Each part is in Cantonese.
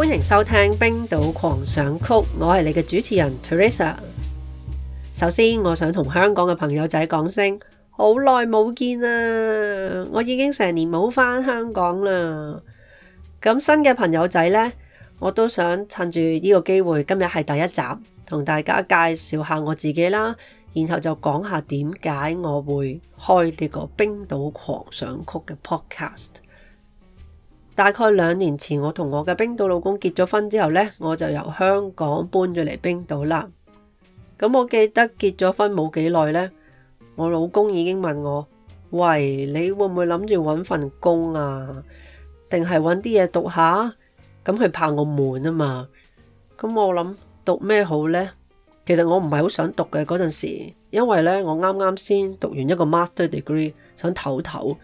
歡迎收聽冰島狂想曲，我係你嘅主持人 Teresa。首先，我想同香港嘅朋友仔講聲，好耐冇見啦，我已經成年冇返香港啦。咁新嘅朋友仔呢，我都想趁住呢個機會，今日係第一集，同大家介紹下我自己啦，然後就講下點解我會開呢個冰島狂想曲嘅 podcast。大概兩年前，我同我嘅冰島老公結咗婚之後呢，我就由香港搬咗嚟冰島啦。咁我記得結咗婚冇幾耐呢，我老公已經問我：喂，你會唔會諗住揾份工啊？定係揾啲嘢讀下？咁佢怕我悶啊嘛。咁我諗讀咩好呢？其實我唔係好想讀嘅。嗰陣時，因為呢我啱啱先讀完一個 master degree，想唞唞。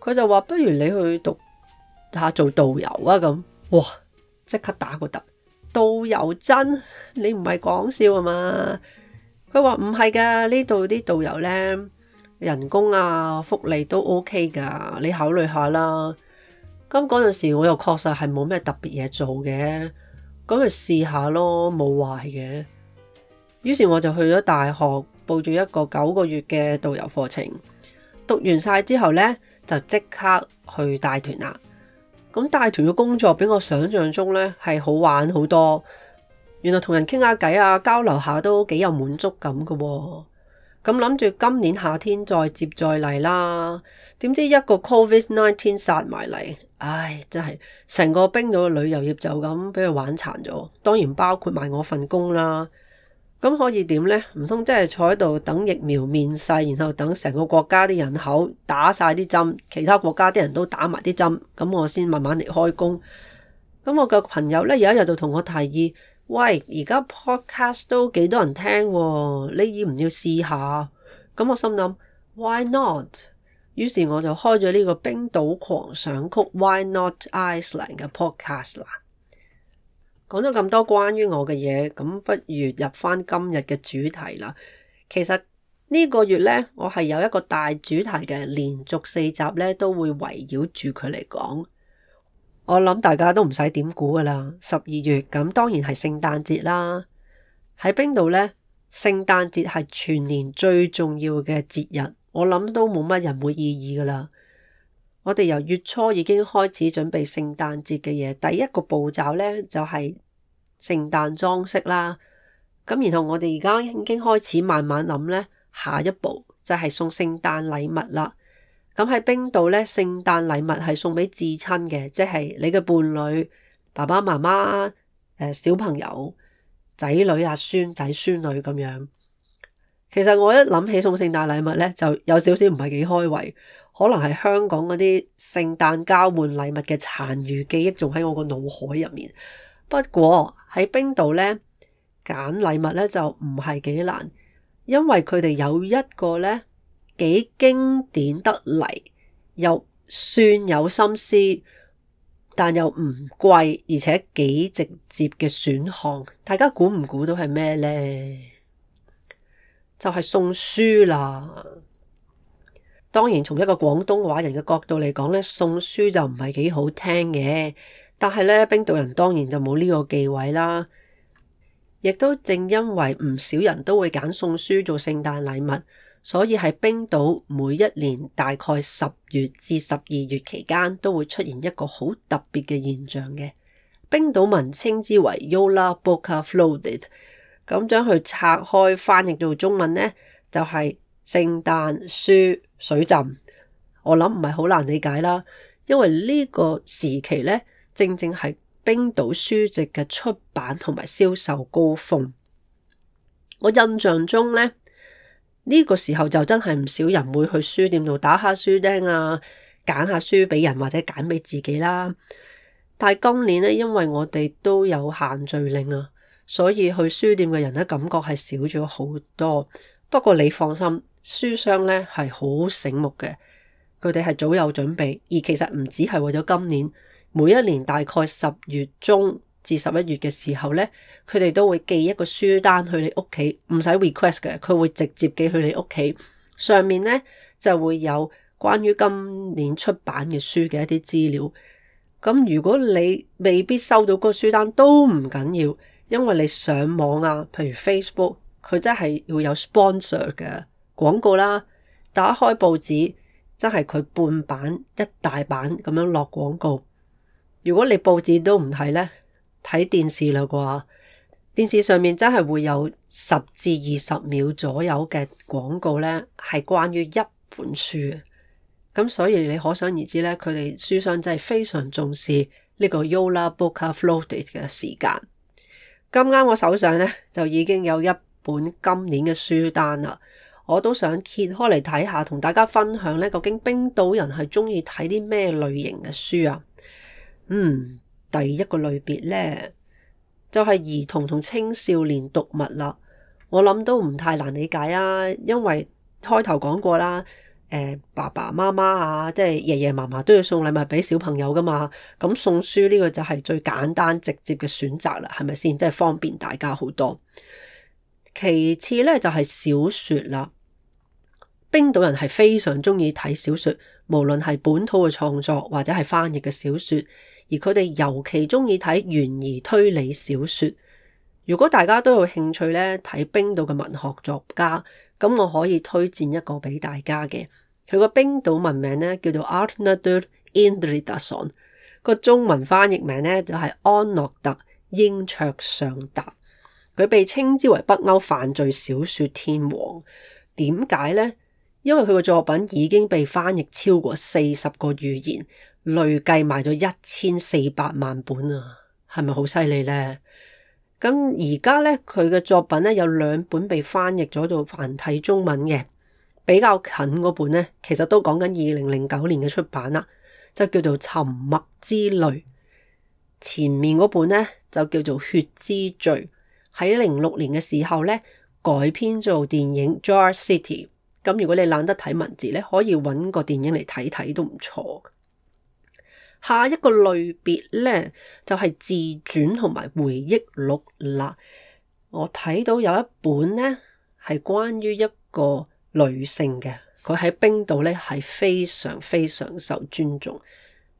佢就話：不如你去讀。下做導遊啊，咁哇，即刻打個突。導遊真你唔係講笑啊嘛？佢話唔係噶，呢度啲導遊咧，人工啊、福利都 OK 噶。你考慮下啦。咁嗰陣時我又確實係冇咩特別嘢做嘅，咁去試下咯，冇壞嘅。於是我就去咗大學報咗一個九個月嘅導遊課程，讀完晒之後咧就即刻去帶團啦。咁帶團嘅工作比我想象中咧係好玩好多，原來同人傾下偈啊，交流下都幾有滿足感噶、哦。咁諗住今年夏天再接再厲啦，點知一個 Covid nineteen 殺埋嚟，唉，真係成個冰島嘅旅遊業就咁俾佢玩殘咗，當然包括埋我份工啦。咁可以點呢？唔通真係坐喺度等疫苗面世，然後等成個國家啲人口打晒啲針，其他國家啲人都打埋啲針，咁我先慢慢嚟開工。咁我個朋友呢，有一日就同我提議：喂，而家 podcast 都幾多人聽喎？你要唔要試下？咁我心諗 Why not？於是我就開咗呢個冰島狂想曲 Why Not Iceland 嘅 podcast 啦。講咗咁多關於我嘅嘢，咁不如入翻今日嘅主題啦。其實呢個月咧，我係有一個大主題嘅，連續四集咧都會圍繞住佢嚟講。我諗大家都唔使點估噶啦，十二月咁當然係聖誕節啦。喺冰島呢，聖誕節係全年最重要嘅節日，我諗都冇乜人會意義噶啦。我哋由月初已經開始準備聖誕節嘅嘢，第一個步驟呢，就係聖誕裝飾啦。咁然後我哋而家已經開始慢慢諗呢：下一步就係送聖誕禮物啦。咁喺冰島呢，聖誕禮物係送俾至親嘅，即係你嘅伴侶、爸爸媽媽、小朋友、仔女啊、孫仔孫女咁樣。其實我一諗起送聖誕禮物呢，就有少少唔係幾開胃。可能係香港嗰啲聖誕交換禮物嘅殘餘記憶，仲喺我個腦海入面。不過喺冰島呢，揀禮物呢就唔係幾難，因為佢哋有一個呢，幾經典得嚟，又算有心思，但又唔貴，而且幾直接嘅選項。大家估唔估到係咩呢？就係送書啦。當然，從一個廣東話人嘅角度嚟講咧，送書就唔係幾好聽嘅。但係咧，冰島人當然就冇呢個忌諱啦。亦都正因為唔少人都會揀送書做聖誕禮物，所以喺冰島每一年大概十月至十二月期間，都會出現一個好特別嘅現象嘅。冰島文稱之為 Yola Booka Floated 咁將佢拆開翻譯到中文呢，就係、是。聖誕書水浸，我諗唔係好難理解啦，因為呢個時期咧，正正係冰島書籍嘅出版同埋銷售高峰。我印象中咧，呢個時候就真係唔少人會去書店度打下書釘啊，揀下書俾人或者揀俾自己啦。但係今年咧，因為我哋都有限聚令啊，所以去書店嘅人咧，感覺係少咗好多。不過你放心。書商咧係好醒目嘅，佢哋係早有準備，而其實唔止係為咗今年，每一年大概十月中至十一月嘅時候咧，佢哋都會寄一個書單去你屋企，唔使 request 嘅，佢會直接寄去你屋企，上面咧就會有關於今年出版嘅書嘅一啲資料。咁如果你未必收到個書單都唔緊要，因為你上網啊，譬如 Facebook，佢真係會有 sponsor 嘅。廣告啦，打開報紙真係佢半版一大版咁樣落廣告。如果你報紙都唔睇呢，睇電視啦啩？電視上面真係會有十至二十秒左右嘅廣告呢，係關於一本書嘅。咁所以你可想而知呢，佢哋書商真係非常重視呢個 Yola Book Floated 嘅時間。今啱我手上呢，就已經有一本今年嘅書單啦。我都想揭開嚟睇下，同大家分享咧，究竟冰島人係中意睇啲咩類型嘅書啊？嗯，第一個類別咧就係兒童同青少年讀物啦。我諗都唔太難理解啊，因為開頭講過啦，欸，爸爸媽媽啊，即係爺爺嫲嫲都要送禮物俾小朋友噶嘛。咁送書呢個就係最簡單直接嘅選擇啦，係咪先？即係方便大家好多。其次咧就係小說啦。冰島人係非常中意睇小說，無論係本土嘅創作或者係翻譯嘅小說，而佢哋尤其中意睇懸疑推理小說。如果大家都有興趣咧睇冰島嘅文學作家，咁我可以推薦一個俾大家嘅，佢個冰島文名咧叫做 Arnaldur Indridason，個中文翻譯名咧就係安諾特英卓尚達，佢被稱之為北歐犯罪小說天王，點解咧？因為佢嘅作品已經被翻譯超過四十個語言，累計賣咗一千四百萬本啊，係咪好犀利咧？咁而家咧，佢嘅作品咧有兩本被翻譯咗做繁體中文嘅，比較近嗰本咧，其實都講緊二零零九年嘅出版啦，就叫做《沉默之淚》。前面嗰本咧就叫做《血之罪》，喺零六年嘅時候咧改編做電影《Jar City》。咁如果你懶得睇文字咧，可以揾個電影嚟睇睇都唔錯。下一個類別咧就係、是、自傳同埋回憶錄啦。我睇到有一本呢，係關於一個女性嘅，佢喺冰島咧係非常非常受尊重。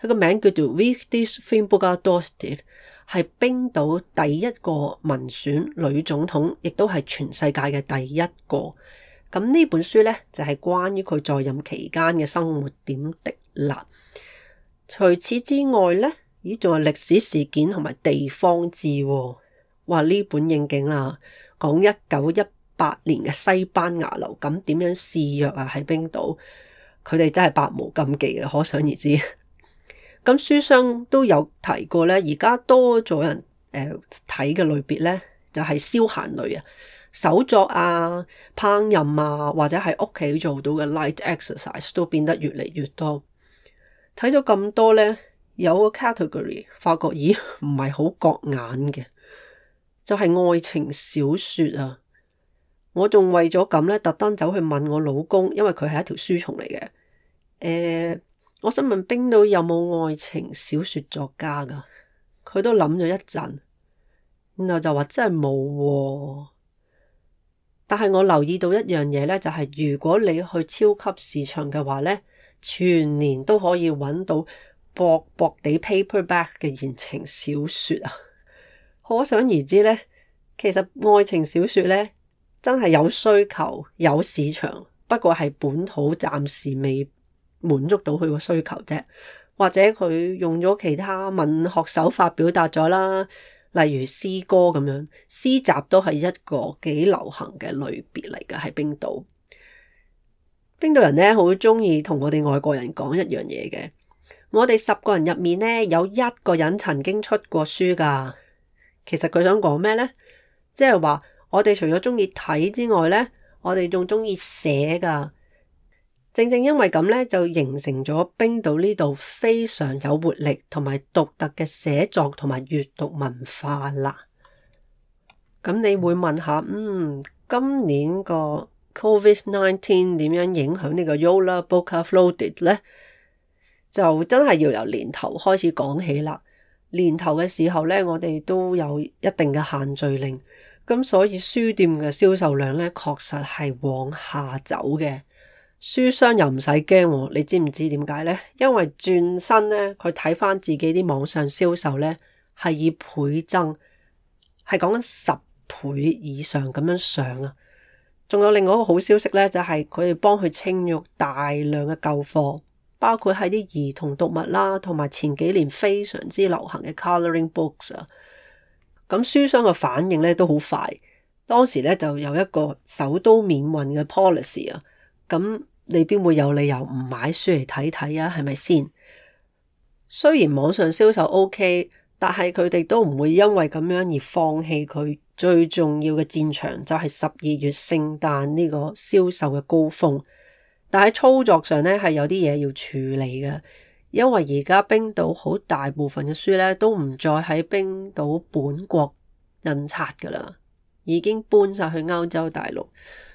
佢個名叫做 Vigdís Finnbogadóttir，係冰島第一個民選女總統，亦都係全世界嘅第一個。咁呢本書咧就係、是、關於佢在任期間嘅生活點滴啦。除此之外咧，咦仲有歷史事件同埋地方志，哦，哇呢本應景啦，啊，講一九一八年嘅西班牙流感點樣肆虐啊喺冰島，佢哋真係百無禁忌嘅，可想而知。咁 書商都有提過咧，而家多咗人誒睇嘅類別咧，就係消閒類啊。手作啊、烹飪啊，或者喺屋企做到嘅 light exercise 都變得越嚟越多。睇咗咁多呢，有個 category 發覺，咦，唔係好覺眼嘅就係、是、愛情小說啊。我仲為咗咁呢，特登走去問我老公，因為佢係一條書蟲嚟嘅。誒、欸，我想問冰島有冇愛情小說作家噶？佢都諗咗一陣，然後就話真係冇、啊。但係我留意到一樣嘢咧，就係如果你去超級市場嘅話咧，全年都可以揾到薄薄地 paperback 嘅言情小說啊。 可想而知咧，其實愛情小說咧真係有需求有市場，不過係本土暫時未滿足到佢個需求啫，或者佢用咗其他文學手法表達咗啦。例如詩歌咁樣，詩集都係一個幾流行嘅類別嚟嘅。喺冰島，冰島人咧好中意同我哋外國人講一樣嘢嘅。我哋十個人入面咧，有一個人曾經出過書噶。其實佢想講咩咧？即係話我哋除咗中意睇之外咧，我哋仲中意寫噶。正正因為咁咧，就形成咗冰島呢度非常有活力同埋獨特嘅寫作同埋閱讀文化啦。咁你會問下，嗯，今年個 COVID nineteen 點樣影響呢個 Yola Bokaflood 咧？就真係要由年頭開始講起啦。年頭嘅時候咧，我哋都有一定嘅限聚令，咁所以書店嘅銷售量咧，確實係往下走嘅。書商又唔使驚，你知唔知點解呢？因為轉身呢，佢睇翻自己啲網上銷售呢，係以倍增，係講緊十倍以上咁樣上啊！仲有另外一個好消息呢，就係佢哋幫佢清咗大量嘅舊貨，包括係啲兒童讀物啦、啊，同埋前幾年非常之流行嘅 colouring books 啊。咁、嗯、書商嘅反應呢都好快，當時呢就有一個首都免運嘅 policy 啊，咁、嗯。你邊會有理由唔買書嚟睇睇啊？係咪先？雖然網上銷售 OK，但係佢哋都唔會因為咁樣而放棄佢最重要嘅戰場，就係十二月聖誕呢個銷售嘅高峰。但喺操作上咧，係有啲嘢要處理嘅，因為而家冰島好大部分嘅書咧，都唔再喺冰島本國印刷噶啦，已經搬晒去歐洲大陸，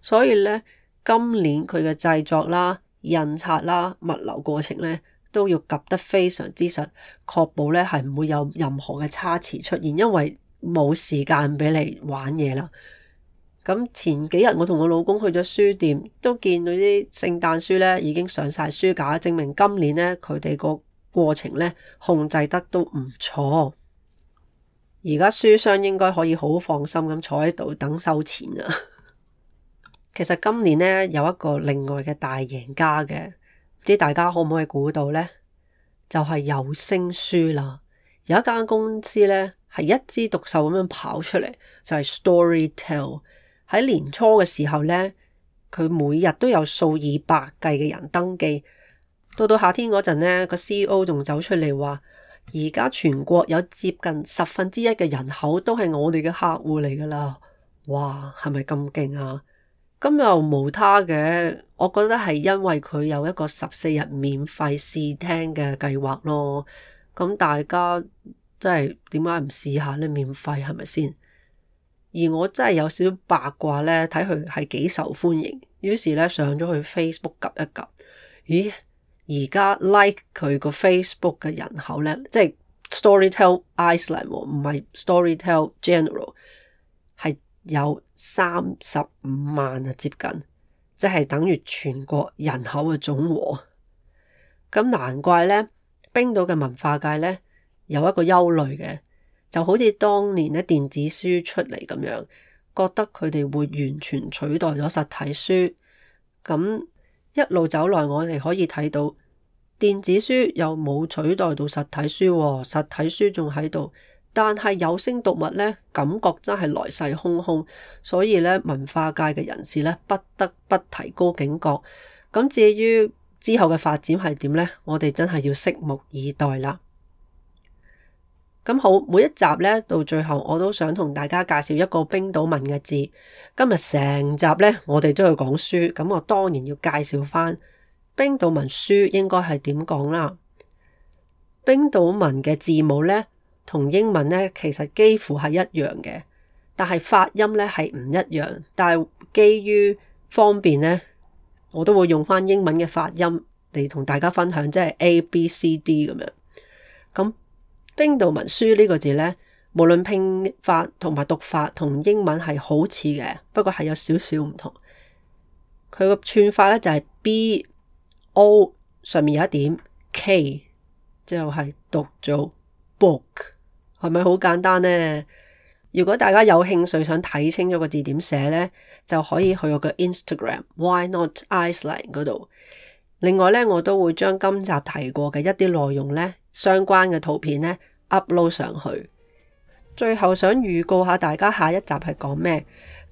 所以咧。今年佢嘅製作啦、印刷啦、物流過程咧，都要及得非常之實，確保咧係唔會有任何嘅差池出現，因為冇時間俾你玩嘢啦。咁前幾日我同我老公去咗書店，都見到啲聖誕書咧已經上晒書架，證明今年咧佢哋個過程咧控制得都唔錯。而家書商應該可以好放心咁坐喺度等收錢啊！其實今年咧有一個另外嘅大贏家嘅，唔知大家可唔可以估到呢？就係有聲書啦，有一間公司咧係一枝獨秀咁樣跑出嚟，就係 Storytel。喺年初嘅時候咧，佢每日都有數以百計嘅人登記。到到夏天嗰陣咧，個 CEO 仲走出嚟話：而家全國有接近十分之一嘅人口都係我哋嘅客戶嚟噶啦！哇，係咪咁勁啊？咁又冇他嘅，我覺得係因為佢有一個十四日免費試聽嘅計劃咯。咁大家真係點解唔試下呢？免費係咪先？而我真係有少少八卦呢，睇佢係幾受歡迎。於是呢，上咗去 f a c e b o o k 及一及。咦？而家 like 佢個 Facebook 嘅人口呢，即係 Storyteller i s l a n d 唔係 s t o r y t e l l e General 係。有三十五萬啊，接近，即係等於全國人口嘅總和。咁難怪呢，冰島嘅文化界呢，有一個憂慮嘅，就好似當年咧電子書出嚟咁樣，覺得佢哋會完全取代咗實體書。咁一路走來，我哋可以睇到電子書又冇取代到實體書喎。實體書仲喺度。但係有聲讀物呢，感覺真係來勢洶洶，所以呢，文化界嘅人士呢，不得不提高警覺。咁至於之後嘅發展係點呢？我哋真係要拭目以待啦。咁好，每一集呢，到最後，我都想同大家介紹一個冰島文嘅字。今日成集呢，我哋都要講書，咁我當然要介紹翻冰島文書應該係點講啦。冰島文嘅字母呢。同英文咧，其實幾乎係一樣嘅，但係發音咧係唔一樣。但係基於方便咧，我都會用翻英文嘅發音嚟，同大家分享，即係 A、B、C、D 咁樣。咁冰島文書呢個字咧，無論拼法同埋讀法同英文係好似嘅，不過係有少少唔同。佢個串法咧就係 B O 上面有一點 K，就係讀做 book。係咪好簡單呢？如果大家有興趣想睇清咗個字點寫呢，就可以去我嘅 Instagram，Why Not Iceland 嗰度。另外呢，我都會將今集提過嘅一啲內容呢，相關嘅圖片呢，upload 上去。最後想預告下大家下一集係講咩？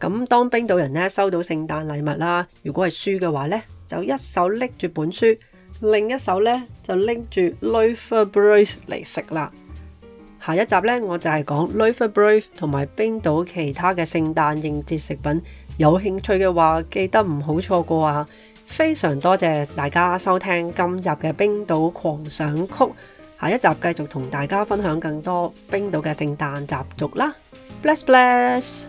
咁當冰島人呢，收到聖誕禮物啦。如果係書嘅話呢，就一手拎住本書，另一手呢就拎住 Laufabrauð 嚟食啦。下一集呢，我就係講 Lover Brave 同埋冰島其他嘅聖誕應節食品。有興趣嘅話，記得唔好錯過啊！非常多謝大家收聽今集嘅冰島狂想曲。下一集繼續同大家分享更多冰島嘅聖誕習俗啦！Bless bless。